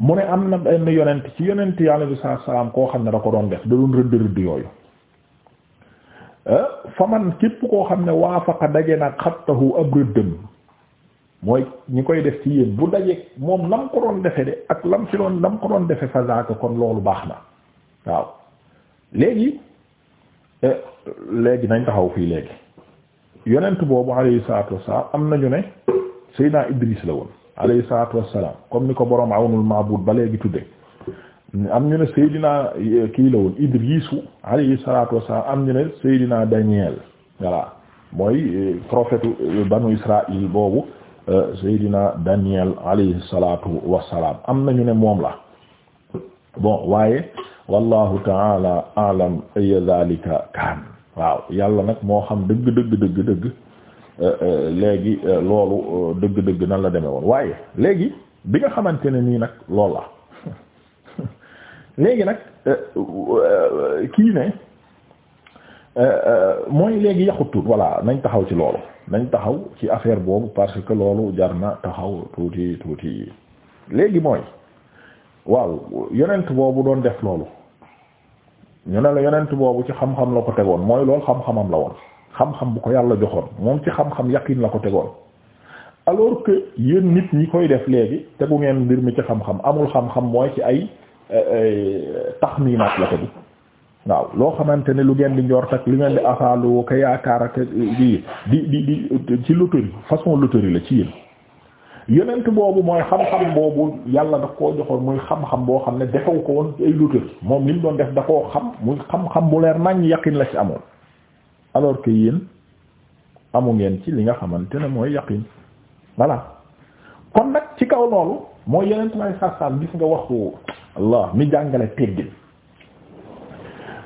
mu ne am na benn yonent ci yonent yàlla bi saa salaam koo xam ne da ko doon def da doon rëdd rëdd yooyu fa man képp koo xam ne waafaqa daje nag xattahu ab rëddëm mooy ñi koy def ci yéen bu daje moom nam ko doon defe de ak lam ci doon nam ko doon defe fa zaaka kon loolu baax na waaw léegi eh, léegi nañ taxaw fii léegi yonent boobu alayhi salaatu wassalaam am nañu ne Seydina Idris la woon alayhi salaatu wassalaam comme ni ko boroom awnul maabuud ba léegi tudde am ñu ne Seydina kii la woon Idrisu alayhi salaatu wassalaam am ñu ne Seydina Daniel voilà mooy eh, prophète eh, banu Israël boobu eh, Seydina Daniel alayhi salaatu wassalaam am na ñu ne moom la bon waaye wallahu taala alam ay zalika kaan waaw yàlla nag moo xam dëgg dëgg dëgg dëgg Euh, euh, léegi euh, loolu dëgg-dëgg nan la demee woon waaye léegi bi nga xamante ne nii nag loolu la léegi nag kii ne mooy léegi yàqut tuut voilà nañ taxaw ci loolu nañ taxaw ci affaire boobu parce que loolu jar na taxaw tuuti tuuti léegi mooy waaw yonent boobu doon def loolu ñu ne la yonent boobu ci xam-xam la ko tegoon mooy loolu xam-xamam la woon. xam-xam bu ko yàlla joxoon moom ci xam-xam yaqin la ko tegoon alors que yéen nit ñi koy def léegi tegu ngeen mbir mi ci xam-xam amul xam-xam mooy ci ay taxminaat la ko bi waaw loo xamante ne lu ngeen di njort ak lu ngeen di afaalu ko yaakaar ak di di di ci loterie façon loterie la ci yéen yonent boobu mooy xam-xam boobu yàlla daf koo joxoon muy xam-xam boo xam ne defewu ko woon ci ay loterie moom li mu doon def da koo xam muy xam-xam bu leer nañ yaqin la ci amoon alors que yéen amu ngeen ci li nga xamante ne mooy yaqin voilà kon nag ci kaw loolu mooy yeneen may sarsam gis nga waxu la mi jàngale teggin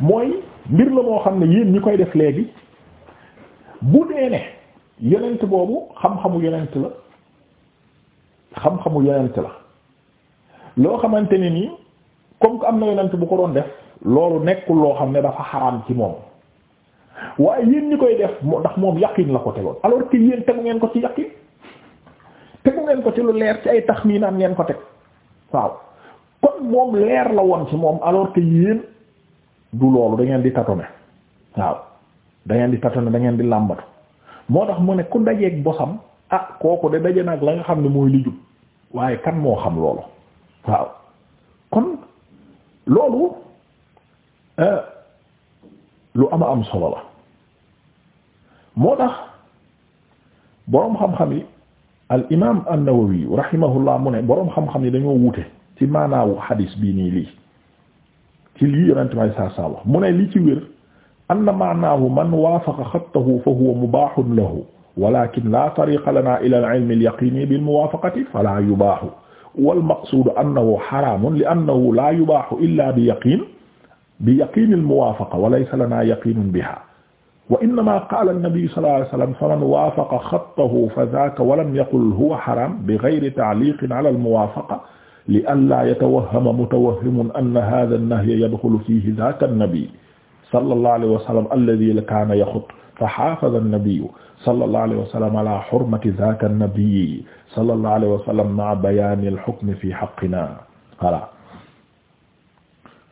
mooy mbir la moo xam ne yéen ñi koy def léegi bu dee ne yonent boobu xam-xamu yonent la xam-xamu yonent la loo xamante ne nii comme que am na yonent bu ko doon def loolu nekkul loo xam ne dafa xaraam ci moom waaye yéen ñi koy def ndax moom yaqin la ko tegoon alors que yéen tegu ngeen ko ci yaqin tegu ngeen ko ci lu leer ci ay tax nii naan ngeen ko teg waaw kon moom leer la woon ci moom alors que yéen du loolu da ngeen di tâtonner waaw dangeen ngeen di tâtonner da ngeen di làmbatu moo tax mu ne ku dajeeg bosam ah kooku de daje nag la nga xam ne mooy li jub waaye kan moo xam loolu waaw kon loolu. Euh, lu ama am solo la moo tax boroom xam-xam yi al imaam an-Nawawi rahimahullah mu ne boroom xam-xam yi dañoo wute ci maanaawu xadiis bii nii lii ci lii yonent may saa saa wax mu ne li ci wér anna maanaahu man waafaqa xattahu fa huwa mubaahun lahu walakin la tariqa lana ila al-ilmi al-yaqini bil muwaafaqati fala yubaahu wal maqsuudu annahu xaraamun li annahu la yubaahu illa bi yaqin bi yaqiinil muwaafaqa wa laysa lanaa yaqiinun bihaa wa innamaa qaala an-nabiyyu sallallaahu alayhi wa sallam faman waafaqa xattahu fa zaaka wa lam yaqul huwa haraam bi gayri ta'liiqin ala al-muwaafaqa li allaa yatawahhama mutawahhimun anna haadha an-nahya yadxulu fiihi zaaka an-nabiyyu sallallaahu alayhi wa sallam alladhii kaana yaxuttu fa haafaza an-nabiyyu sallallaahu alayhi wa sallam alaa hurmati zaaka an-nabiyyi sallallaahu alayhi wa sallam ma'a bayaani al-hukmi fii haqqinaa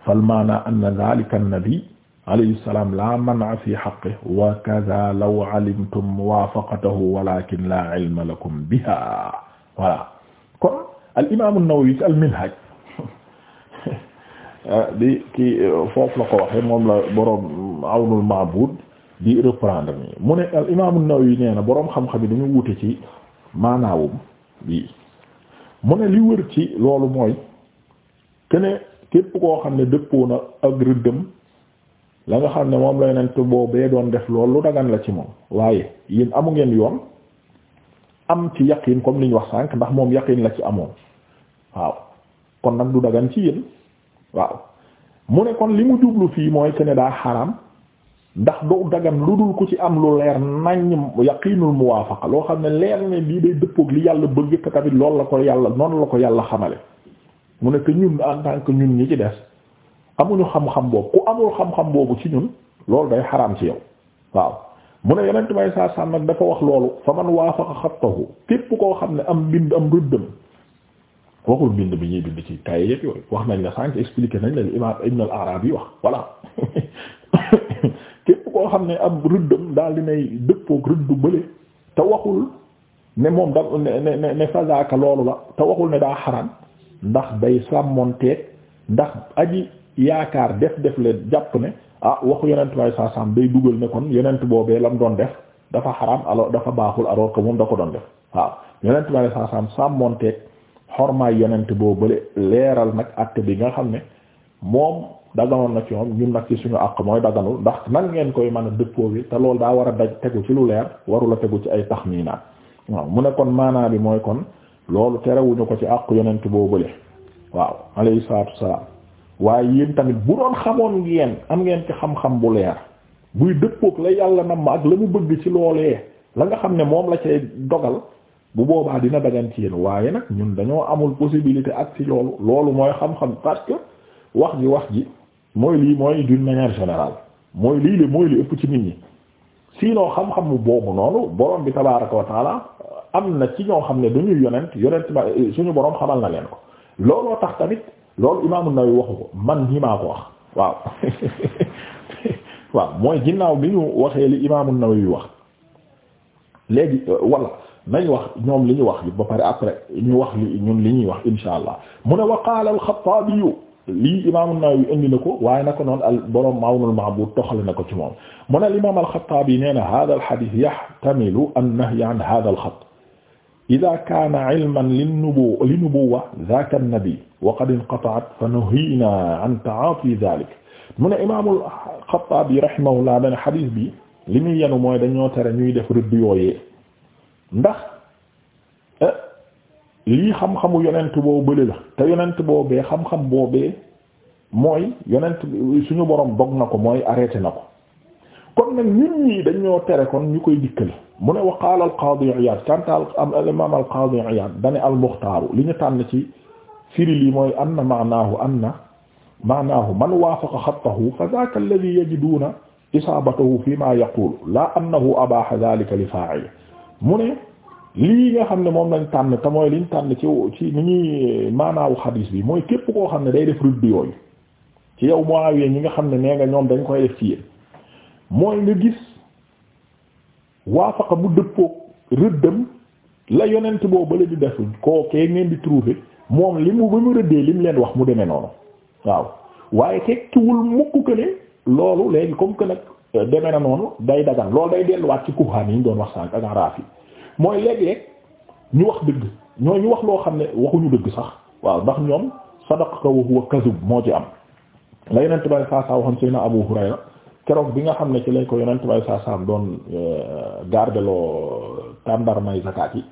falmaana anna dhalika an-nabi alayhi salaam la man'a fi haqqihi wa kadha law alimtum muwafaqatahu walakin la ilma lakum biha voilà kon al imam an-Nawawi ci al-Minhaj di ki foofu la ko waxe moom la boroom Awnul Ma'bud di reprendre ni mu ne al imam an-Nawawi nee na boroom xam-xam yi dañu wute ci maanaawum bi mu ne li wër ci loolu mooy kene képp koo xam ne dëppoo na ak rëddëm la nga xam ne moom la yonent boobee doon def loolu dagan la ci moom waaye yéen amu ngeen yoon am ci yaqin comme li ñu wax sànq ndax moom yaqin la ci amoon waaw kon nag du dagan ci yéen waaw mu ne kon li mu jublu fii mooy que ne daa xaram ndax du dagan lu dul ku ci am lu leer nañ yaqinul muwaafaqa loo xam ne leer ne lii day dëppoog li yàlla bëgg te tamit loolu la ko yàlla noonu la ko yàlla xamale mu ne que ñun en que ñun ñi ci des amuñu xam-xam boobu ku amul xam-xam boobu ci ñun loolu day xaraam ci yow waaw mu ne yeneen may saa saa nag dafa wax loolu fa man waafaqa xattahu képp koo xam ne am bind am rëddam waxul bind bi ñuy bind ci kaye yëpp yooyu wax nañ la sànq expliqué nañ la li imaam Ibn al yi wax voilà képp koo xam ne am rëddam daal dinay dëppook rëddu bële te waxul ne moom da ne ne ne fazaaka loolu la te waxul ne daa xaraam ndax day sàmmonteeg ndax aji yaakaar def def leen jàpp ne ah waxu yonent may saa saam day dugal ne kon yonent boobee lam doon def dafa xaram alors dafa baaxul alors que moom da ko doon def waaw yonent may saa saam sàmmonteeg xormaay yonent boobale leeral nag acte bi nga xam ne moom daganoon na ci moom ñun nag ci suñu àq mooy daganul ndax nan ngeen koy mën a dëppoo bi te loolu daa war a daj tegu ci lu leer warula tegu ci ay taxmiinaat waaw mu ne mooy kon loolu terewuñu ko ci àqu boobu boobule waaw alayhi salaatu wassalaam waaye yéen tamit bu doon xamoon ngeen am ngeen ci xam-xam bu leer buy dëppook la yàlla nam ma ak la mu bëgg ci loolee la nga xam ne moom la cay dogal bu boobaa dina dagan ci yéen waaye nag ñun dañoo amul possibilité ak ci loolu loolu mooy xam-xam parce que wax ji wax ji mooy lii mooy d'une manière générale mooy lii la mooy li ëpp ci nit ñi sinon xam-xam mu boobu noonu borom bi tabaaraka am na ci ñoo xam ne duñuy yonent yonent ba eh, suñu borom xamal na leen ko looloo tax tamit loolu imaamu Nawawi waxu ko man ñi maa ko wax waaw mooy ginnaaw bi ñu waxee li imaamu Nawawi wax léegi euh, wala nañ wax ñoom li ñu wax ba pare après ñu wax li ñun li ñuy wax insha allah mu ne wa qaala al-Xattaabi lii imaamu Nawawi indi ko waaye na ko noonu al borom Mawnul Ma'buud toxal na ko ci moom mu ne al imaam al-Xattaabi nee na haadha al-hadiis yahtamilu an-nahya an ida kaana ilman linnubuwa linnubuwa zaaka nabi wa qad inqata'at fa nuhiina an ta'aati daalik mu ne imaamul Xattaabi rahimahullah dana xadiis bi li muy yenu mooy dañoo tere ñuy def rëdd yooyee ndax eh, lii xam-xamu yonent boo bële la te yonent boobee xam-xam boobee mooy yonent suñu boroom dog na ko mooy arrêté na ko kon nag ñun ñii dañoo tere kon ñu koy dikkale mu ne wa qaala al qaadi Iyaad kanta al imaam al qaadi Iyaad dane al li ñu tànn ci firi lii mooy anna maanaahu anna maanaahu man waafaqa xattahu fa zaaka alladi yajiduuna isaabatahu fi ma yaqulu laa annahu abaaha daalika li faa'ili mu ne lii nga xam ne moom lañ tànn te mooy liñ tànn ci ci ni ñuy maanaawu xadiis bi mooy képp koo xam ne day def rudd yooyu ci yow Muawiya ñi nga xam ne nee nga ñoom dañ koy def mooy nga gis waafaqa mu dëppook rëddam la yonent boobu la di def kookee ngeen di trouver moom li mu ba mu rëddee li mu leen wax mu demee noonu waaw waaye tekkiwul mukk que ne loolu léegi comme que nag demee na noonu day dagan loolu day delluwaat ci kuhaan yi ñu doon wax sànq ak araaf mooy léeg-léeg ñu wax dëgg ñoo ñu wax loo xam ne waxuñu dëgg sax waaw ndax ñoom sadaqaka wa huwa kazub moo ci am la yonent ba saa saa waxoon Seydina Abu Hurayra keroog bi nga xam ne ci lañ ko yonent bay saa saam doon euh, gardeloo tàndarmay zakaat yi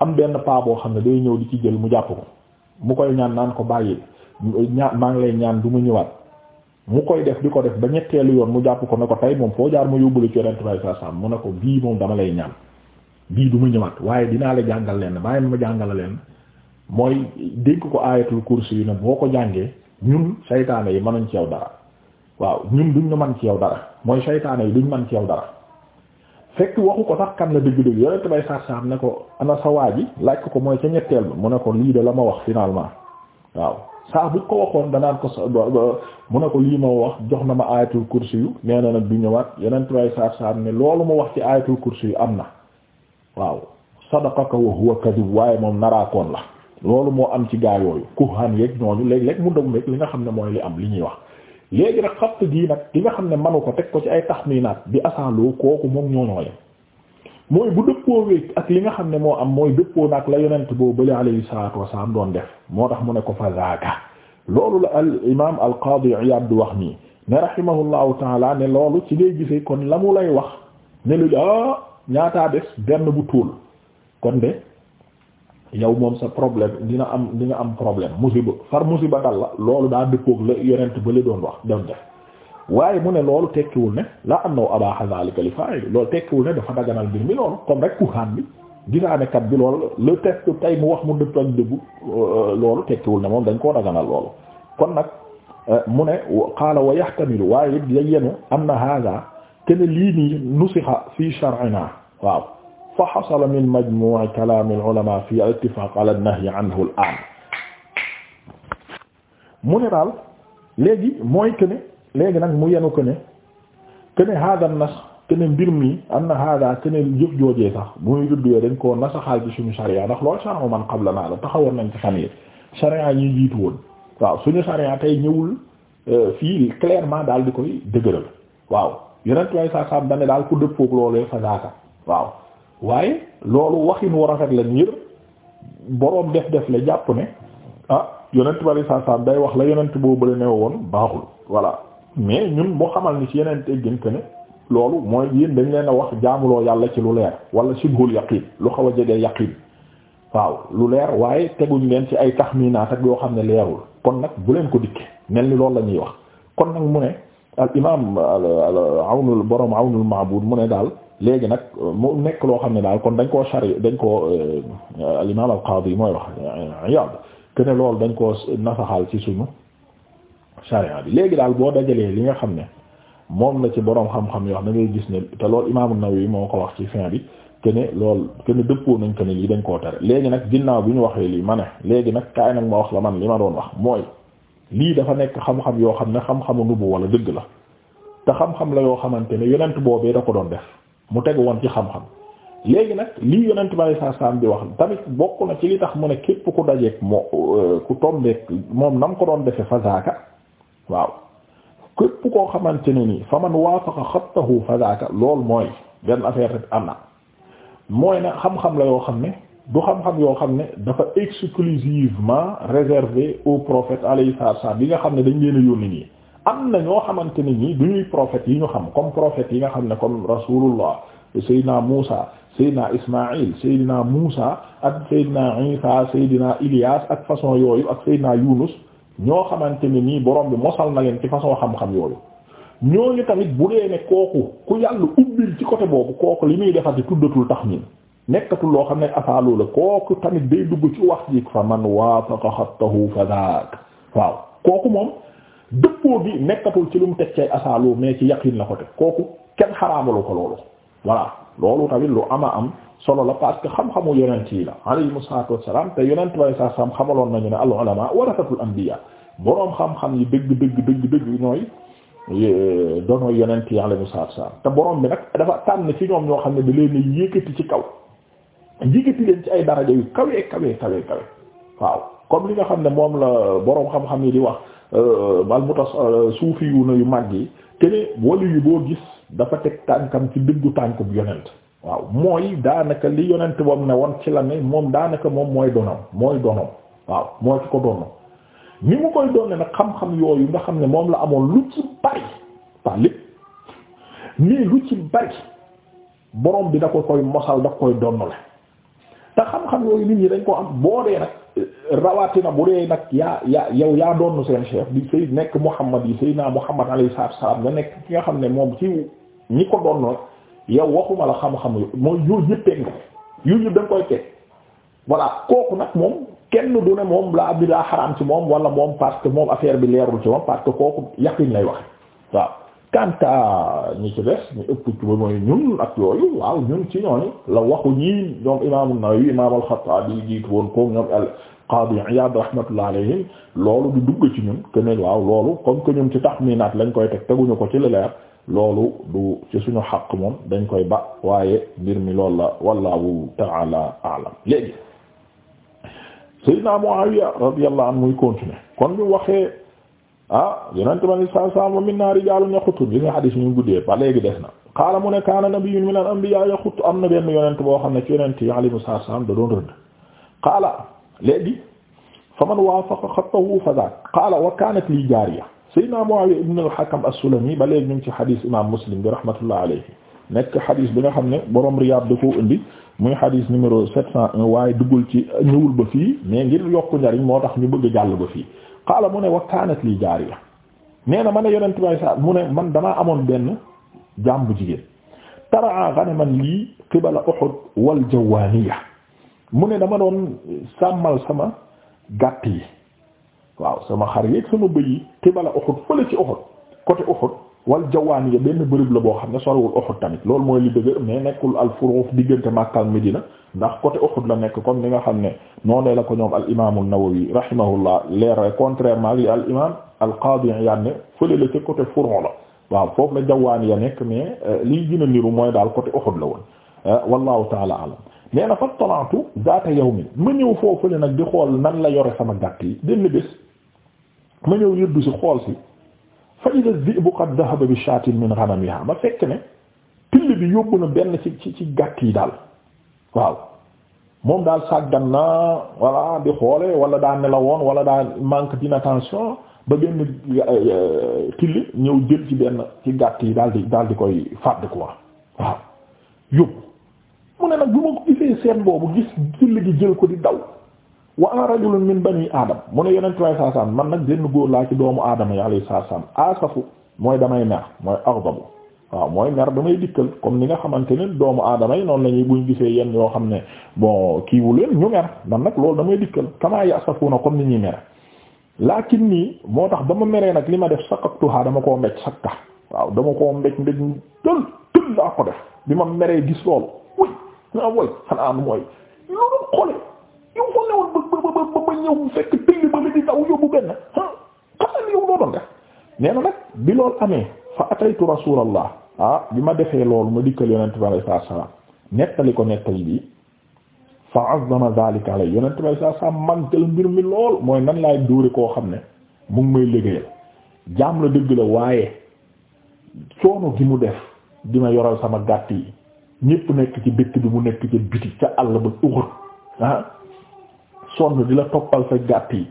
am benn paa boo xam ne day ñëw di ci jël mu jàpp ko mu koy ñaan naan ko bàyyi ñaan maa ngi lay ñaan du mu ñëwaat mu koy def di ko def ba ñetteelu yoon mu jàpp ko ne ko tay moom foo jaar ma yóbbule ci yonent bay saa saam mu ne ko bii moom dama lay ñaan bii du mu ñëwaat waaye dinaa la jàngal leen bàyyi ma jàngala leen mooy dénk ko aayatul kursi yu ne boo ko jàngee ñun saytaane yi mënuñ ci yow dara waaw ñun duñ la man ci yow dara mooy saytaane yi duñ mën ci yow dara fekk waxu ko sax kan la dëgg-dëgg yore te bay saar ne ko ana sa waa ji laaj ko mooy ca ñetteel ba mu ne ko lii de la ma wax finalement waaw saa bu ko waxoon danaan ko mu ne ko lii ma wax jox na ma ayatul kursi yu nee na nag du ñëwaat yeneen bay saar ne loolu ma wax ci ayatul kursi yu am na waaw sadaqaka wa huwa kadhib waaye moom naraakoon la loolu moo am ci gaa yooyu kuhan yeeg ñooñu léeg-léeg li nga xam ne mooy li am li ñuy wax léegi nag xatt gii nag ki nga xam ne manu ko teg ko ci ay taxminaat bi asaaloo kooku moom ñoo ñooyam mooy bu dëppoo wéeg ak li nga xam ne moo am mooy dëppoo nag la yonent boo bële alayhi salaatu wasalaam doon def moo tax mu ne ko fa zaaka loolu la al imaam al qaadi Iyaad wax nii ne rahimahullahu taala ne loolu ci ngay gisee kon la mu lay wax ne lu ah ñaataa des benn bu tuul kon de yow moom sa problème dina am di nga am problème musiba far musiba dal la loolu daa dëppoog la yonent ba la doon wax doon def waaye mu ne loolu tekkiwul ne la am naw abaha zalika li fa'il loolu tekkiwul ne dafa daganal mbir mi loolu comme rek kuxaan bi gisaanekat bi loolu le test tay mu wax mu dëpp ak dëggu euh, loolu tekkiwul ne moom dañ koo daganal loolu kon nag euh, mu ne qaala wa yahtamilu waaye it day yenu am na hada lii nii nusixa fii shar'ina waaw fa xasala min majmuu'i kalaami al-ulamaa fi al-ittifaaq ala an-nahyi anhu mu ne daal léegi mooy que ne léegi nag mu yenu que ne que ne haadaa nas que mbir mi am na haadaa que ne jëf joojee sax bu muy duddee dañ koo nasaxaal ci suñu sariya ndax loolu shar'u man qablanaa la taxawoon nañ ci fan yi sariya ñuy jiitu woon waaw suñu sariya tey ñëwul euh, fii clairement daal di koy dëgëral waaw yeneen tuwaay sax sax dañ daal ku dëppook loolee fa zaaka waaw. waaye loolu waxin wu rafet la ngir boroom def def la jàpp ne ah yonent bari saa day wax la yonent boobu la ne woon baaxul voilà mais ñun boo xamal ni ci yeneen teggin que ne loolu mooy yéen dañ leen a wax jaamuloo yàlla ci lu leer wala shibhul yaqiin lu xaw a jege yaqiin waaw lu leer waaye teguñ leen ci ay taxminaat ak yoo xam ne leerul kon nag bu leen ko dikkee mel ni loolu la ñuy wax kon nag mu ne al imaam al awnul borom awnul maabuud mu ne daal. léegi nag mu nekk loo xam ne daal kon dañ koo chari dañ koo euh, al imam al yi mooy wax euh, Iyaad que ne loolu dañ koo nasaxal ci suñu charia bi léegi daal boo dajalee li nga xam ne moom la ci boroom xam-xam yoo xam da ngay gis ne te loolu imam an-Nawawi moo ko wax ci fin bi que ne loolu que ne dëppoo nañ que ne lii dañ koo tere léegi nag ginnaaw bi ñu waxee lii ma ne léegi nag kaay nag ma wax la man li ma doon wax mooy lii dafa nekk xam-xam yoo xam ne xam-xamu nubu wala dëgg la te xam-xam la yoo xamante ne yonent boobee da ko doon def mu teg woon ci xam-xam léegi nag lii yonent bi saa saam bi wax tamit bokk na ci li tax mu ne képp ku dajeek moo euh, ku tombeek moom nam ko doon defe fazaaka waaw képp koo xamante ne nii fa man waafaqa xattahu fazaaka lool mooy benn affaire rek am na mooy ne xam-xam la yoo xam ne du xam-xam yoo xam ne dafa exclusivement réservé au prophète alayhi salaam bi nga xam ne dañ leen a nii am na ñoo xamante ne ñi duñuy prophètes yi ñu xam comme prophètes yi nga xam ne comme rasulullah saydna Musa saydna Ismaïl saydna Musa ak saydna Isa saydna Ilias ak façon yooyu ak saydna Yunus ñoo xamante ni nii borom bi mosal na leen ci façon xam-xam yooyu ñooñu tamit bu dee ne kooku ku yàlla ubbil ci côté boobu kooku li muy defati tuddatul tax ñin nekkatul loo xam ne asaaloo la kooku tamit day dugg ci wax yi fa man waafaqa xattahu fa daak waaw kooku dëppoo bi nekkatul ci lu mu teg cay asaaloo mais ci yaqin la ko teg kooku kenn xaraamalu ko loolu voilà loolu tamit lu ama am solo la parce que xam-xamu yonent la alayhimu salaatu wassalaam te sa sam nañu ne al ulama warasatul anbiya boroom xam-xam yi dëgg dëgg dëgg dëgg ñooy eh, dono yonent yi alayhimu salaatu wassalaam te boroom bi nag dafa tànn ci ñoom ñoo xam ne da leen a yëkkati ci kaw yëkkati leen ci ay daraja yu kawee kawee kawee kawe waaw comme li nga xam ne moom la boroom xam-xam yi di wax Euh, al mutas euh, suufi yu na yu mag yi kene wali yu boo gis dafa teg tànkam ci diggu tànkub yonent waaw mooy daanaka li yonent bam ne woon ci la ne moom daanaka moom mooy donam mooy donom waaw mooy ci ko donn ni mu koy donne nag xam-xam yooyu nga xam ne moom la amoon lu ci bari pas nii lu ci bari borom bi da ko koy mosal da koy donn la te xam-xam yooyu nit ñi dañ koo am boo dee nag rawatina bu dee nag yaa yaa yow yaa doon seen chef di say nekk Muhammad yi Seydina Muhammad alayhi salaatu wa salaam nga nekk ki nga xam ne moom ci ñi ko doon yow waxuma la xam-xam yu mooy yëppee nga yu ñu da kooku nag moom kenn du ne moom laa bi daa xaraam moom wala moom parce que moom affaire bi leerul ci moom parce que kooku yaqiin lay wax waaw. kanta ñi ci des ñu ëpp ci ba ñun ak yooyu waaw ñun ci ñooñu la waxu ñii ñoom Imaam An-Nawawi Imaam Al-Khattabi woon ko ñoom Qadi Iyad rahmatullah alayhi loolu du dugg ci ñun que ne waaw loolu comme que ñun ci taxminaat lañ koy teg teguñu ko ci leer loolu du ci suñu xaq moom dañ koy ba waaye mbir mi loolu la wallahu ta'ala a'lam léegi Sayyidina Muawiya radiyallahu anhu muy continuer kon bi waxee ah yonente ma ni sa sam wa min naa rijaalun yaxutun li nga xadis ñu guddee ba léegi des na xaala mu ne kaana nabiyyun min al anbiya yaxut am na benn yonent boo xam ne ci yonent yi alayhi salaam da doon léegi fa man waafaqa xattahu fa zaak qaala wa kaanat lii jaariya sayyidina Muawiya ibn al-Hakam as-Sulami ba léegi ñu ngi ci xadis imam Muslim bi rahmatullah alayhi nekk xadis bi nga xam ne borom Riyaad da koo indi muy xadis numéro 701 waaye duggul ci ñëwul ba fii mais ngir yokku njariñ moo tax ñu bëgg a jàll ba fii qaala mu ne wa kaanat lii jaariya nee na ma ne yonent bay sa mu ne man damaa amoon benn jaam bu jigéen taraa ghanaman lii qibala Uhud wal Jawaaniya mu ne dama doon sàmmal sama gàtt yi waaw sama xar yeeg sama bëy yi tibala Uhud fële ci Uhud côté Uhud wal jawaan ya benn bërëb la boo xam ne sorewul Uhud tamit loolu mooy li bëgg mais nekkul al furuuf diggante Makka ak Medina ndax côté Uhud la nekk comme ni nga xam ne noonee la ko ñoom al imaamu Nawawi rahimahullah leer contrairement li al imaam al qaadi Iyaad ne fële la ca côté furuu la waaw foofu la jawaan ya nekk mais euh, liy gën niru mooy daal côté Uhud la Eh, wallahu taala alam nee na fa talaatu zaata yawmin ma ñëw foofule nag di xool nan la yore sama gàtt yi denn bés ma ñëw yëddu si xool si fa ida zi'bu qad dhahaba bi shaatin min ghanamiha ma fekk ne till bi yóbbu na benn ci ci ci gàtt yi daal waaw moom daal sàggan na walla di xoole wala daa nelawoon wala daa manque d'inattention ba benn euh, tilli ñëw jël ci benn ci gàtt yi daal di daal di koy fàdd quoi waaw yóbbu mu ne nag ma ko gisee seen boobu gis julli gi jël ko di daw wa an rajulun min bani aadama mu ne yeneen tubaab saa saam man nag benn góor laa ci doomu aadama yi alayhi salaam asafu mooy damay mer mooy aghdabu waaw mooy mer damay dikkal comme ni nga xamante ne doomu aadama yi noonu la ñuy buñ gisee yenn yoo xam ne bon kiiwu leen ñu mer man nag loolu damay dikkal kamaa yasafuna comme ni ñuy mer laakin nii moo tax dama meree nag li ma def sakaktuha dama koo mbéj sakka waaw dama koo mbéj mbéj tël tël laa ko def bi ma meree gis loolu ah mooy xanaa mooy loolu xoole yow fa newoon ba ba ba ba ñëw fekk tënk ba la di daw yóbbu benn ah xanaa ni yow loo doon def nee na nag bi loolu amee fa ataytu rasulallah ah, bi ma defee loolu ma dikkal yonent bi alayhi salaatu salaam nettali ko nettali bi fa azama zalika alay yonent bi alayhi salaatu salaam màggal mbir mi lool mooy nan laay dóore koo xam ne mu ngi may liggéeyal jaam la dëgg la waaye coono gi mu def di ma yoral sama gàtt yi. ñépp nekk ci dëkk bi mu nekk ci biti ca àll ba uxut ah sonn di la toppal sa gàtt yi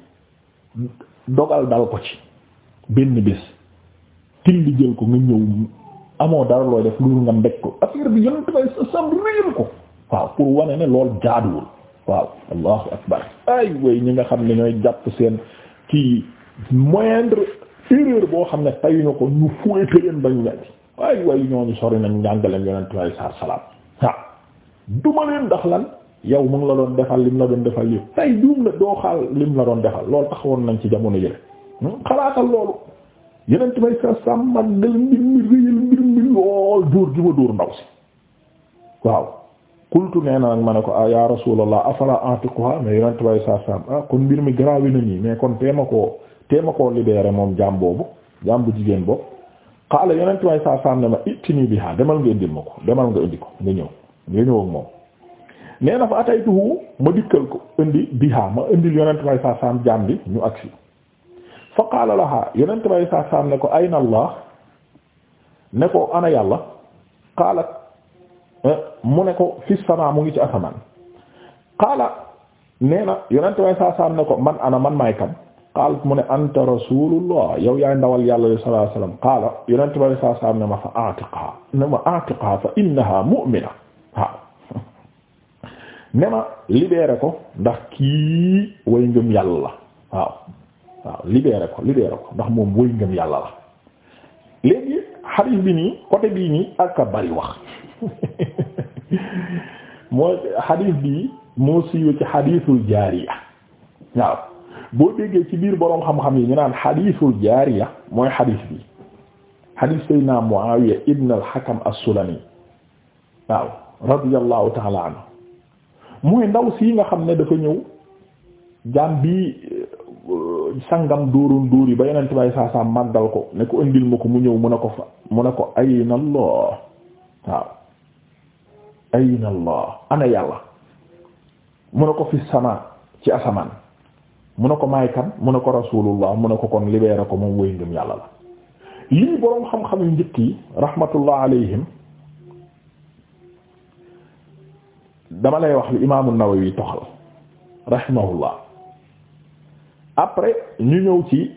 dogal dal ko ci benn bés tilli jël ko nga ñëw amoo dara looy def lu nga mbeg ko affaire bi yonent bay sa sam réer ko waaw pour wane ne lool jaaduwul waaw allahu akbar ay way ñi nga xam ne ñooy jàpp seen ci moindre erreur boo xam ne tayuñu ko ñu fuete leen bañ ñaci waaye waaye ñooñu sori nañ njàngaleem yonent waaye sar salaam waaw duma leen ndax lan yow mu la doon defal lim la doon defal yëpp tey duum la doo xaal lim la doon defal loolu taxawoon nañ ci jamono yële hmm, xalaatal loolu yeneen may sa sàmmal ma ne ko ah ya rasulallah afala antiquha mais yonent bay sa sàmm kon mbir mi gravi na nii mais kon teema koo teema koo libéré moom jaam boobu jaam bu jigéen boobu xaala yonent way saa saam ne ma itini biha demal nga indil ma ko demal nga indi ko nga ñëw nga ñëw moom nee na fa ataytuhu ma dikkal ko indi biha ma indil yonent saa saam jaam bi ñu agsi fa qaala laha yonent way saa saam ne ko ayna allah ne ko ana yàlla qaalat eh, mu ne ko fi sama mu ngi ci asamaan qaala nee na yonent way saa saam ne ko man ana man maay kam qaalat mu ne anta rasulullah yow yaay ndawal yàlla sallallahu alayhi wasallam ne ma fa atiqaa ne ma atiqaa fa innaha mu'mina waaw ne ma libéré ko ndax kii way ngëm yàlla la waaw waaw ko libéré ko ndax moom way ngëm yàlla la léegi xadiis bi nii côté bii nii ak bari wax mooy xadiis bii moo siiwee ci xadiisul jaariya waaw boo déggee ci biir boroom xam-xam yi ñu naan xadiisul jaariya mooy xadiis bi xadiis sayna Muawiya ibn al-Hakam as-Sulami waaw radiyallahu taala anhu mooy ndaw sii nga xam ne dafa ñëw jaam bi euh, sangam dóoroon dóor yi ba yonent bay saa saa ko ne ko indil ma ko mu ñëw mu ne ko fa mu ne ko ayna Allah waaw ayna ana yàlla mu ne ko fi sama ci asamaan mu ne ko may kan mu ne ko rasulullah mu ne ko kon libéré ko moom wëy ngëm yàlla la lii boroom xam-xam yu njëkk alayhim dama lay wax li imaamu Nawawi toxal rahimahullah après ñu ñëw ci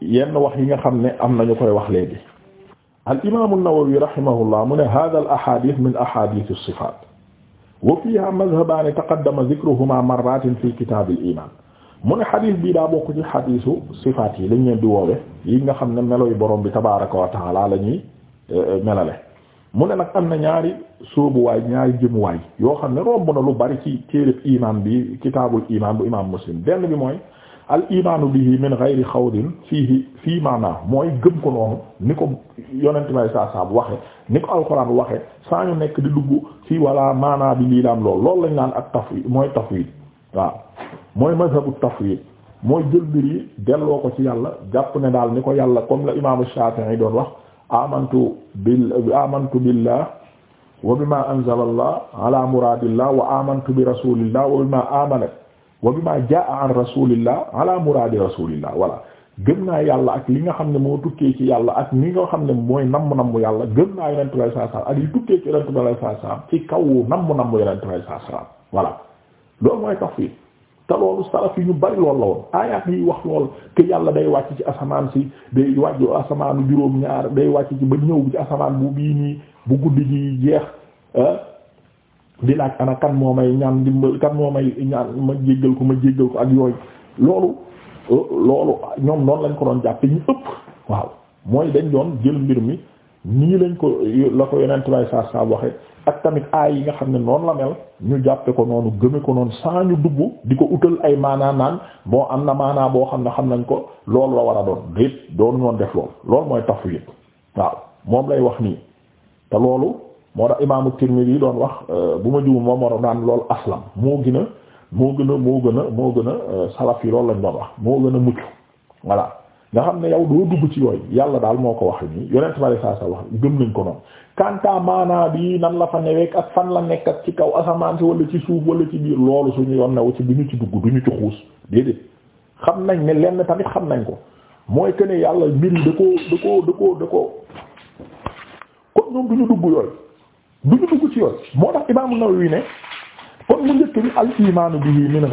yenn wax yi nga xam ne am nañu koy wax léegi al imaamu Nawawi rahimahullah mu ne hada al ahadith min ahadith as-sifat wa fiha madhhabani taqaddama dhikruhuma marratin fi kitab al iman mu ne xadis bii daa bokk ci xadisu sifaat yi lañ leen di woowe yi nga xam ne melo yu borom bi tabaaraka wa taala la ñuy euh, melale mu ne nag am na ñaari sóobuwaay ñaari jëmuwaay yoo xam ne romb na lu bari ci téereb imaan bi kitaabul imaan bu imaam muslim benn bi mooy al imaanu bihi min gayri xawdin fiihi fii maanaa mooy gëm ko noonu ni ko yonente may saa saabu waxe ni ko alxuraan waxe saa ñu nekk di dugg fii wala maanaa bi lii daam lool loolu lañ naan ak tafwiid waaw mooy mazhabu tafwid mooy jël mbir delloo ko ci yàlla jàpp ne daal ni ko yàlla comme la imaamu Shafi'i doon wax amantu bil amantu billah wa bima anzala allah ala muradillah wa amantu bi rasulillah wa bima amanat wa bima jaa an rasulillah ala muradi rasulillah naa yàlla ak li nga xam ne moo tukkee ci yàlla ak ni nga xam ne mooy namm namm yàlla gëm naa yonent bay saa salam ak li tukkee ci yonent bay saa salam ci kaw namm namm yonent bay saa salam voilà loolu mooy te loolu salaf yi ñu bari lool la woon aayaat yi wax lool que yàlla day wàcc ci asamaan si day wàjju asamaanu juróom-ñaar day wàcc ci ba ñëw ci asamaan bu bii nii bu guddi gi jeex ah. di laaj ana kan moo may ñaan dimbal kan moo may ñaan ma jéggal ko ma jéggal ko ak yooyu loolu loolu ñoom noonu lañ ko doon jàppe ñu ëpp waaw mooy dañ doon jël mbir mi nii lañ ko la ko yonent bay saa saa waxe ak tamit aay yi nga xam ne noonu la mel ñu jàppe ko noonu gëme ko noonu saa ñu dugg di ko utal ay maanaa naan bon am na maanaa boo xam ne xam nañ ko loolu la war a doon déet doon ñoon def lool loolu mooy tafwid waaw moom lay wax nii te loolu moo tax imaamu Tirmidhi yi doon wax euh, bu ma jiwul moom war naan lool aslam moo gën a moo gën a moo gën a gën a euh, salaf yi loolu lañ doon wax moo gën a mucc voilà nga xam ne yow doo dugg ci yooyu yàlla daal moo ko wax nii yonent bari saa wax gëm nañ ko noonu kanta maanaa nan la fa neweek ak fan la nekkat ci kaw asamaan si wala ci suuf wala ci biir loolu ñu yoon new ci du ñu ci dugg du ñu ci xuus déedéet xam nañ ne lenn tamit xam nañ ko mooy que yàlla mbir yi da koo da kon ñoom du ñu dugg yooyu du ñu dugg ci yooyu moo tax Imaam Nawawi ne kon mu njëkk bi al imaanu bihi min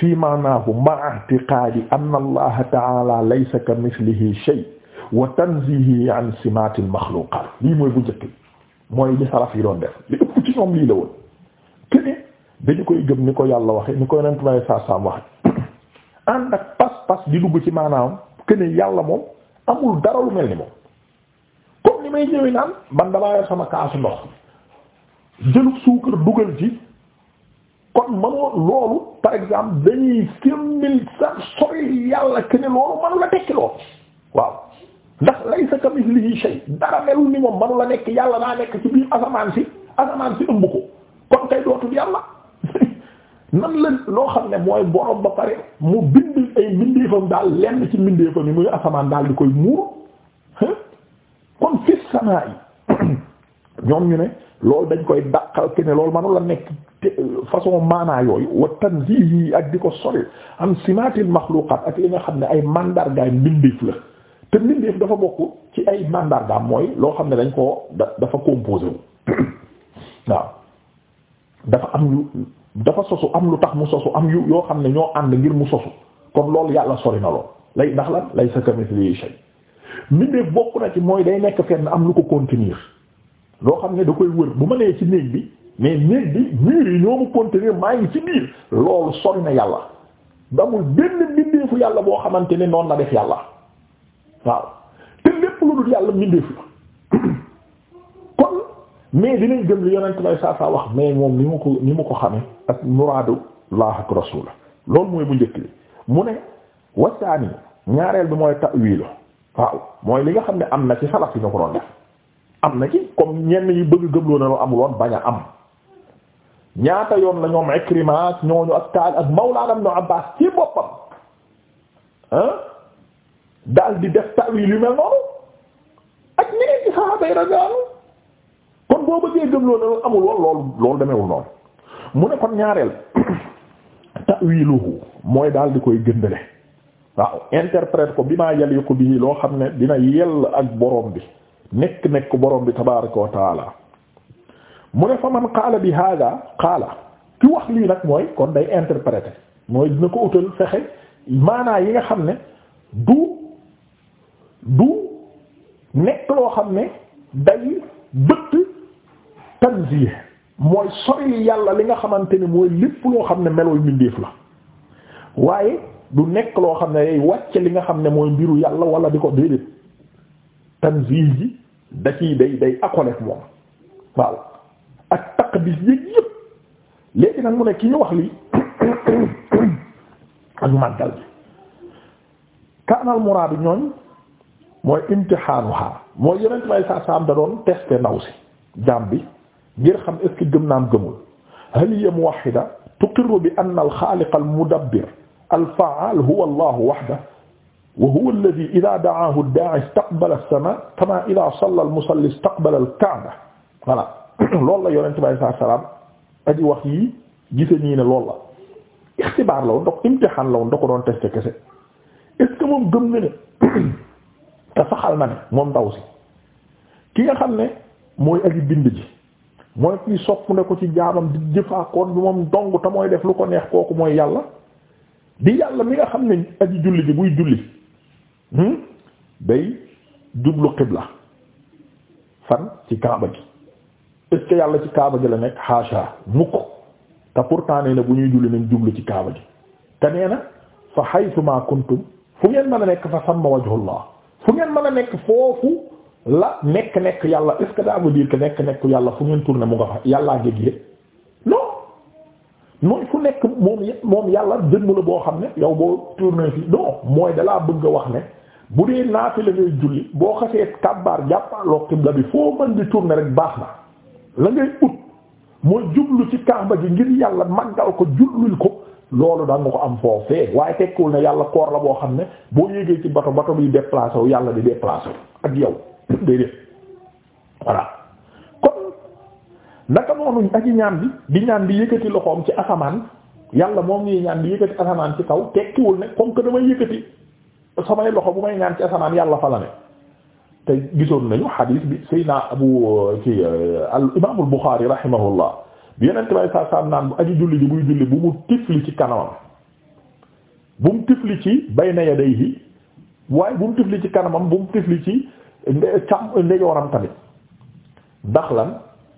fi maanaahu ma'a i'tiqaadi anna allaha ta'ala laysa ka mislihi shay wa tanzihi an simaati al-maxluqaat lii mooy bu njëkk mooy li salaf yi doon def li ëpp ci ñoom lii la woon kene dañu koy gëm ni ko yàlla waxe ni ko yonent ma saa saam waxe ànd ak pas-pas di dugg ci maanaam kene yàlla moom amul dara lu mel ni moom comme ni may ñëwee naan man damaa yor sama kaasu ndox jëlu suukar dugal ci kon mënoo loolu par exemple dañuy firndeel sa sori yàlla que ne loolu mënu la tekki loolu waaw ndax li kamislihi shay dara melul ni moom mënu la nekk yàlla daa nekk ci biir asamaan si asamaan si ëmb ko kon kay dootul yàlla nan la loo xam ne mooy borom ba pare mu bind ay mbindeefam daal lenn ci mbindeefam yi muy asamaan daal di koy muur kon fis sama yi ñoom ñu ne loolu dañ koy dàqal que ne loolu mënu la nekk. façon maanaa yooyu wa tanzihi ak di ko sori am simaatil maxluqaat ak li nga xam ne ay mandargaay mbindeef la te mbindeef dafa bokk ci ay mandargaam mooy loo xam ne dañ koo dafa composé wu waaw dafa am yu dafa sosu am lu tax mu sosu am yu yoo xam ne ñoo ànd ngir mu sosu kon loolu yàlla sori na lool lay ndax lan lay sa kamithlihi shay mbindeef bokk na ci mooy day nekk fenn am lu ko contenir loo xam ne da koy wër bu ma nee ci néeg bi mais néeg bi mur yi ñoo ma contenir maa ngi ci biir loolu sori na yàlla damul benn mbindeefu yàlla boo xamante ne noonu na def yàlla waaw te lépp lu dul yàlla mbindeefu kon mais dinañ gëm li yonent bay saa saa wax mais moom ni mu ko ni mu ko xamee ak muraadu laahu ak rasuula loolu mooy bu njëkk li mu ne wasaani ñaareel bi mooy ta'wilu waaw mooy li nga xam ne am na ci salaf yi ñu ko doon am na ci comme ñenn yi bëgg gëmloo na loo amuloon bañ a am ñaata yoon la ñoom Ikrima ak ñooñu ak taal ak Mawlana Ibn Abbas ci boppam ah di def tawil yu mel noonu ak ñeneen ci saxaaba yi radiyallahu kon boo bëggee gëm loolu amul woon loolu loolu demewul noonu mu ne kon ñaareel tawiluhu mooy daal di koy gëndale waaw interprète ko bi maa yaliqu bihi loo xam ne dina yell ak borom bi nekk nekk borom bi tabaaraka wa mu ne fa man qaala bi hada qaala ki wax lii nag mooy kon day interpréter mooy dina ko utal fexe maanaa yi nga xam ne du du nekk loo xam ne day bëtt tanzih mooy sori yàlla li nga xamante ni mooy lépp loo xam ne melooy mbindeef la waaye du nekk loo xam ne day wàcc li nga xam ne mooy mbiru yàlla wala di ko déedéet tanzih ji da ciy day day accolé moom waaw ak taqdis yëg yëpp léegi nag mu ne ki ñu wax lii ak màggal bi kaanal muraadu ñooñ mooy imtihaanuha mooy yeneen may saa saam da doon tester ndaw si jaam bi ngir xam est-ce que gëm naam gëmul hal hiya muwahhida tuqirru bi anna al-xaaliq al-mudabbir al-fa'aal huwa Allahu wahdahu wa huwa alladhi idha da'aahu ad-daa'i istaqbala as-samaa' kamaa idha salla al-musalli istaqbala al-ka'ba voilà loolu la yonent bi saa salaam aji wax yi gise nii ne loolu la ixtibaar la woon ndox imtixaan la woon ko doon tester kese est moom gëm na ne te saxal na ne moom ndaw si ki nga xam ne mooy aji bind ji mooy kii sopp ne ko ci jaamam di jëfaakoon bi moom dong te mooy def lu ko neex kooku mooy yàlla di yàlla mi nga xam ne aji julli ji buy julli bay hmm, jublu la fan ci kaaba gi est-ce yàlla ci kaaba ji la nekk haasha mukk te pourtant nee na bu ñuy julli nañ jublu ci kaaba gi te nee na fa haythuma kuntum fu ngeen mën a nekk fa samma wajhullah fu ngeen man a nekk foofu la nekk nekk yàlla est-ce que daa veut dire que nekk nekk yàlla fu ngeen tourné mu nga fa yàllaa géej nekk moom yàlla jëmm la boo xam ne yow boo tourné fii non mooy dalaa bëgg a wax ne bu dee naafila ngay julli boo xasee kàbbaar jàppaloo xibla bi foo mën di tourné rek baax na. la ngay ut mooy jublu ci kaaba gi ngir yàlla màggal ko jublul ko loolu da ko am foofee waaye tekkiwul ne yàlla koor la boo xam ne boo yéegee ci bato bato biy déplacé wu yàlla di déplacé wu ak yow déedéet voilà kon naka noonu aji ñaan bi di ñaan bi yëkkati loxoom ci asamaan yàlla moom ñuy ñaan bi yëkkati asamaan ci kaw tekkiwul ne comme que damay yëkkati samay loxo bu may ñaan ci asamaan yàlla fa la ne te gisoon nañu hadith bi Seydina Abu ci uh, uh, al imaam al Bukhari rahimahullah bi yeneen bay saa saam naan bu aji julli ji buy julli bu mu tifli ci kanamam bu mu tifli ci bayna yadayhi waaye bu mu tifli ci kanamam bu mu ci cam ndeyjooram tamit ndax lan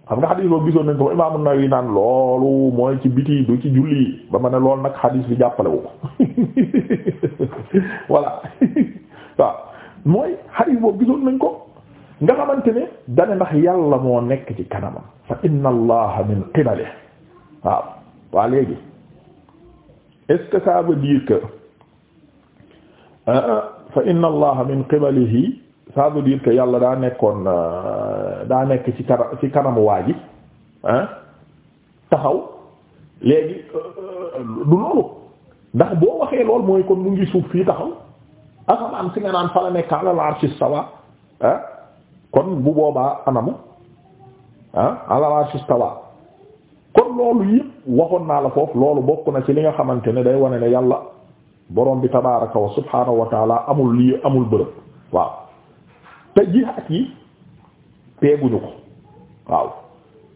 xam nga xadis boobu gisoon nañ ko Imaam An-Nawawi naan loolu mooy ci biti du ci julli ba ma ne loolu nag xadis bi jàppale wu ko voilà waaw mooy hadith boobu gisoon nañ ko nga xamante ne dane ndax yàlla moo nekk ci kanamam fa inna allaha min qibale waaw waa léegi est-ce que ça veut dire que ah, ah, fa inna allaha min qibalihi ça veut dire que yàlla daa nekkoon euh, daa nekk ci kanam ci kanamu waa ji taxaw léegi euh, euh, du loolu ndax boo waxee lool mooy kon mu ngi suuf fii taxaw asamaan si nga naan fa la nekk alal arshi ah, kon bu boobaa anamu ah alal arshi stawa kon loolu yëpp waxoon naa la foofu loolu bokk na ci li nga xamante ne day wane ne yàlla borom bi tabaaraka wa subhaanahu wa amul lii amul bërëb waaw te jihaat yi peeguñu ko waaw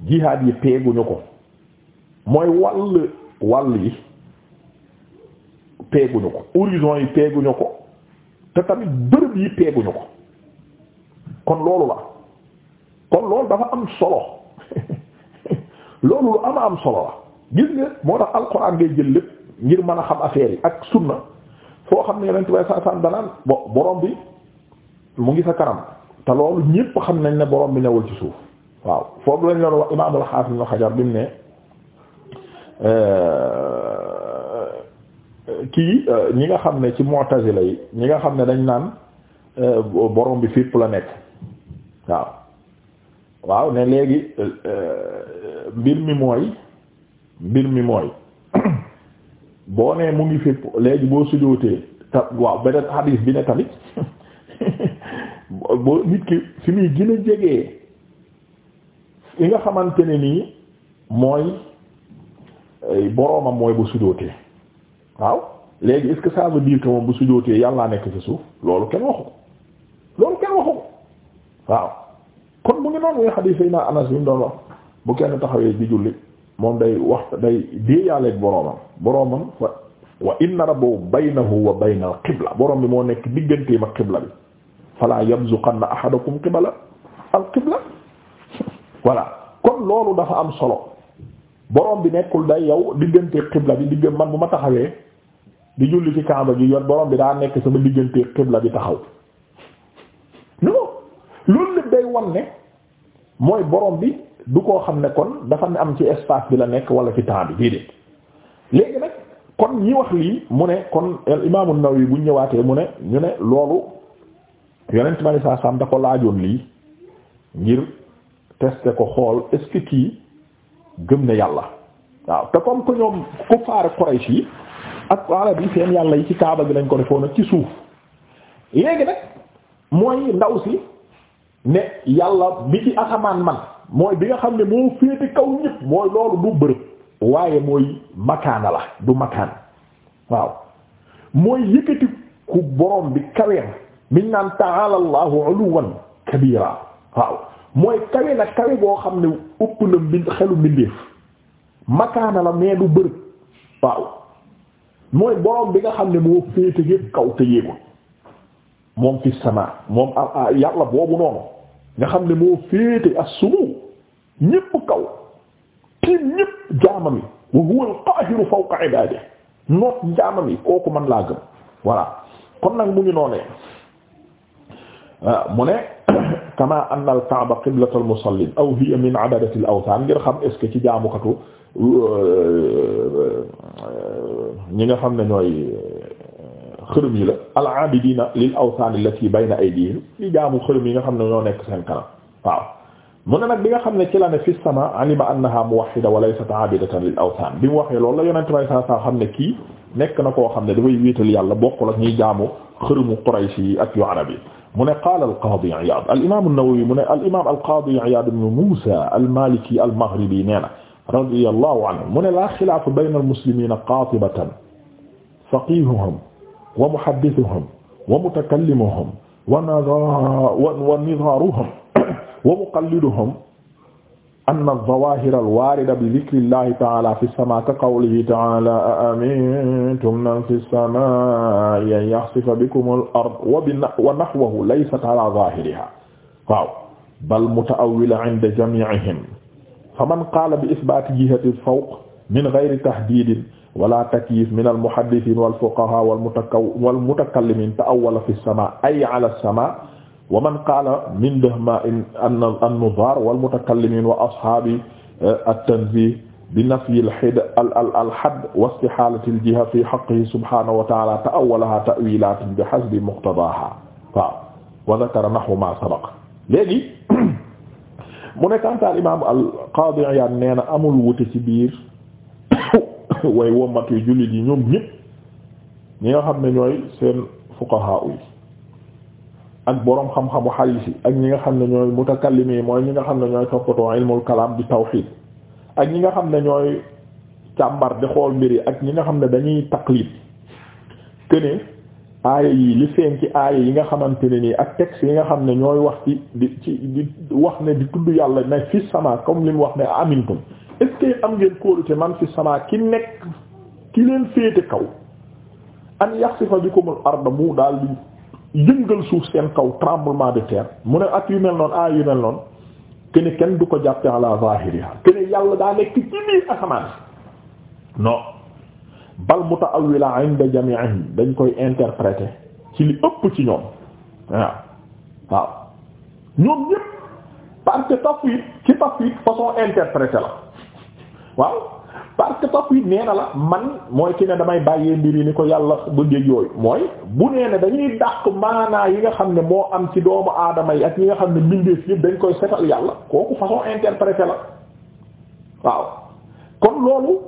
jihaat yi peeguñu ko mooy wàll wàll yi peeguñu ko horizon yi peeguñu ko te tamit bërëb yi teeguñu ko kon loolu la kon loolu dafa am solo loolu lu ama am solo la gis nga moo tax alxuraan ngay jël lépp ngir mën a xam affaire yi ak sunna foo xam ne yonent bi saa saam danaan bo borom bi mu ngi sa kanam te loolu ñépp xam nañ ne borom bi newul ci suuf waaw foofu lañ leen wax imaamul xaafis xajar bi mu ne euh, kii euh, ñi nga xam ne ci mu'tazila yi ñi nga xam ne dañ naan euh, borom bi fépp la nekk waaw waaw ne léegi euh, mbir mi mooy mbir mi mooy boo nee mu ngi fépp léegi boo sujootee ta waaw beneen hadis bi ne tamit boo nit ki fi muy gën a jege nga xamante ne nii mooy boroomam mooy bu sujootee waaw léegi est-ce que ça veut dire que moom bu sujootee yàllaa nekk ci suuf loolu kenn waxu ko loolu kenn waxu ko waaw kon mu ngi noonu mooy xadiis yi naa Anas bi mu doon wax bu kenn taxawee di julli moom day wax day dee yàlleeg boroomam boroomam fa wa inna rabbahu baynahu wa bayna al qibla borom bi moo nekk digganteem ak qibla bi fala yabzuqanna ahadakum qibla al qibla voilà kon loolu dafa am solo borom bi nekkul day yow diggante xibla bi digg man bu ma taxawee di julli ci kaaba gi yoon borom bi daa nekk sama diggante xibla bi taxaw non loolu lépp day wan ne mooy borom bi du koo xam ne kon dafa ne am ci espace bi la nekk wala ci temps bi déedéet léegi nag kon ñi wax lii mu ne kon al imam an-Nawawi bu ñëwaatee mu ne ñu ne loolu yonent ma da ko laajoon lii ngir tester ko xool est-ce kii gëm ne yàlla waaw te comme que ñoom kuffaar Quraysh yi ak arab yi seen yàlla yi ci kaaba gi lañ ko defoon ak ci suuf léegi nag mooy ndaw si ne yàlla bi ci asamaan man mooy bi nga xam ne moo féete kaw ñëpp mooy loolu du bërëb waaye mooy makaana la du makaan waaw mooy yëkkati ku borom bi kaweem miñ naan ta'ala 'uluwan kabira waaw mooy kawe nag kawe boo xam ne upp na mbi xelu mbindeef makaana la mais du bërëb waaw mooy borom bi nga xam ne moo féete yépp kaw te yéegul sama moom yàlla boobu noonu nga xam ne moo féete as-sumu ñépp kaw tiim ñépp jaamam yi wa huwa al-qaahiru fawqa ibaadihi noot jaamam yi kooku man laa gëm voilà kon nag mu ngi noonee Ah, mu ne kama anna al kaaba qiblatu al musallin aw hiya min abadati al awthan ngir xam est-ce que ci jaamukatu euh, euh, ñi nga xam ne ñooy euh, xërëm yi la al abidina lil awthan allati bayna aydihim li jaamu xërëm yi nga xam ne ñoo nekk seen kanam waaw mu ne nag bi nga xam ne ci la ne fi sama alima annaha muwahhida wa laysat abidatan lil awthan bi mu waxee loolu la yonent may saa saa xam ne kii nekk na koo xam ne dafay wéetal yàlla bokkul ak ñuy jaamu xërmu Quraysh yi ak yu arab yi mu ne qaala al-qaadi Iyaad al-imaam an-Nawawi mu ne al-imaam al-qaadi Iyaad ibn Muusaa al-Maaliki al-Maghribi nee na radiyallahu anhu mu ne laa xilaafa bayna al-muslimiina qaatibatan faqiihuhum wa muhaddithuhum wa mutakallimuhum wa nizaaruhum wa muqalliduhum anna az-zawahir al-warida bi dhikri llahi ta'ala fi as-sama' ka qawlihi ta'ala a amintum man fi as-sama'i an yakhsifa bikum al-ard wa nahwahu laysat ala zahiriha waaw bal muta'awwila 'inda jami'ihim faman qaala bi ithbati jihati al-fawq min ghayri tahdidin wala takyif min al-muhaddithin wal fuqaha wal mutakallimin ta'awwala fi as-sama' ay ala as-sama' wa man qaala min dahma'in an-nudaar wal mutakallimiin wa ashaabi eh, at-tanziih bi nafyi al-hadd al-hadd wa istihaalati al-jiha fi haqqihi subhaanahu wa ta'aalaa ta'awwalahaa ta'wiilaatin bi hasbi muqtadaahaa waaw wa dhakara nahwa maa sabaqa léegi mu ne kantaal imaam al-Qaadi Iyaad nee na amul wute ci biir way wommatu jullit yi ñoom ñëpp ñi nga xam ne ñooy seen fuqahaa yi ak boroom xam-xamu xadiis yi ak ñi nga xam ne ñooy mutakallimi mooy ñi nga xam ne ñooy toppatoo ilmul kalaam di tawxiid ak ñi nga xam ne ñooy càmbar di xool mbir yi ak ñi nga xam ne dañuy taqlid këne aaya yi li feeñ ci aaya yi nga xamante ne nii ak texte yi nga xam ne ñooy wax ci di ci di wax ne di tudd yàlla na fi sama comme li wax ne amintum est am ngeen kóolute man fi sama ki nekk ki leen féete kaw an yax si fa bikumul arda mu daal di yëngal suuf seen kaw tremblement de terre mu ne at yu mel noonu ah yu mel noonu kene kenn du ko jàppe ala zahiriha kene yàlla daa nekk ci biir asamaan non bal mutaawila inda jami'ihim dañ koy interpréter ci li ëpp ci ñoom waaw waaw ñoom ñépp parce que tafwid ci tafwid façon interpréter la waaw parce que tawhid nee na la man mooy ki ne damay bàyyee mbir yi ni ko yàlla ba njëg yooyu mooy bu nee ne dañuy dàq maanaa yi nga xam ne moo am ci doomu aadama yi ak yi nga xam ne mbindeef yëpp dañ koy setal yàlla kooku façon interprété la waaw kon loolu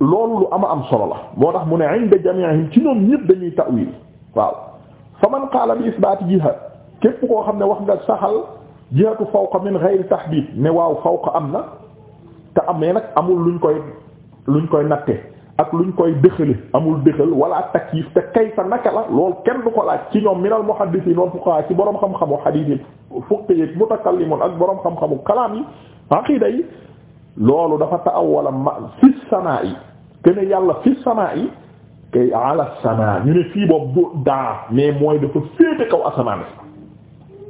loolu lu am am solo la moo tax mu ne inda jami'ihim ci ñoom ñëpp dañuy ta'wil waaw fa man qaala bi isbaati jihad képp koo xam ne wax nga saxal jihatu fawqa min ghayri tahdid ne waaw fawqa am na te amee nag amul luñ koy lu luñ koy natte ak lu ñu koy dëxale amul dëxal wala takyif te kayfa naka la loolu kenn du ko laaj ci ñoom minal muhaddisiin wal fuqahaa ci boroom xam-xamu xadiis yi fuqahaa yi mutakallimun ak boroom xam-xamu kalaam yi aqiida yi loolu dafa ta'awwala ma fi samaa yi kene yàlla fi samaa yi kay ala samaa ñu ne fii boobu du daa mais mooy dafa féete kaw asamaan